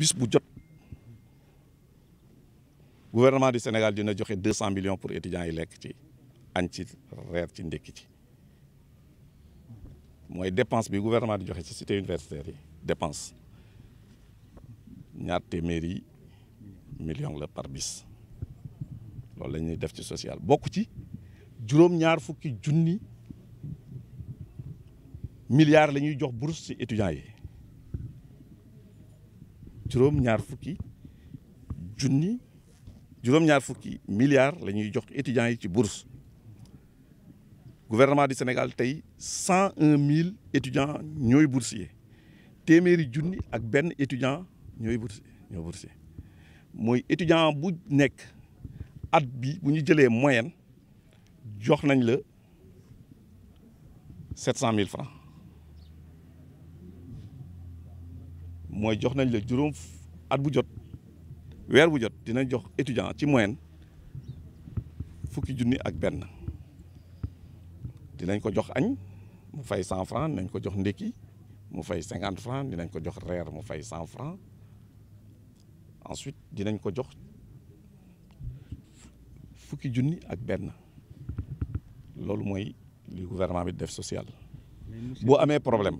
bis bu jot gouvernement du Sénégal dina joxe deux cent millions pour étudiants yi lekk ci añ ci reer ci ndékki ci mooy dépense bi gouvernement di joxe ci cité universitaire yi dépense ñaar téeméeri million la par bis loolu lañuy def ci social bokk ci juróom-ñaar fukki junni milliards la ñuy jox bourse ci étudiants yi juróom-ñaar fukki junni juróom-ñaar fukki milliards la ñuy jox étudiants yi ci bourse gouvernement du Sénégal tey cent un mille étudiants ñooy boursier téeméeri junni ak benn étudiant ñooy boursier ñooy boursier mooy étudiant bu nekk at bi buñu jëlee moyenne jox nañ la sept cent mille francs mooy jox nañ la juróom at bu jot weer bu jot dinañ jox étudiant ci moyen fukki junni ak benn dinañ ko jox añ mu fay cent franc dinañ ko jox ndékki mu fay cinquante franc dinañ ko jox reer mu fay cent franc ensuite dinañ ko jox fukki junni ak benn loolu mooy li gouvernement bi def social boo amee problème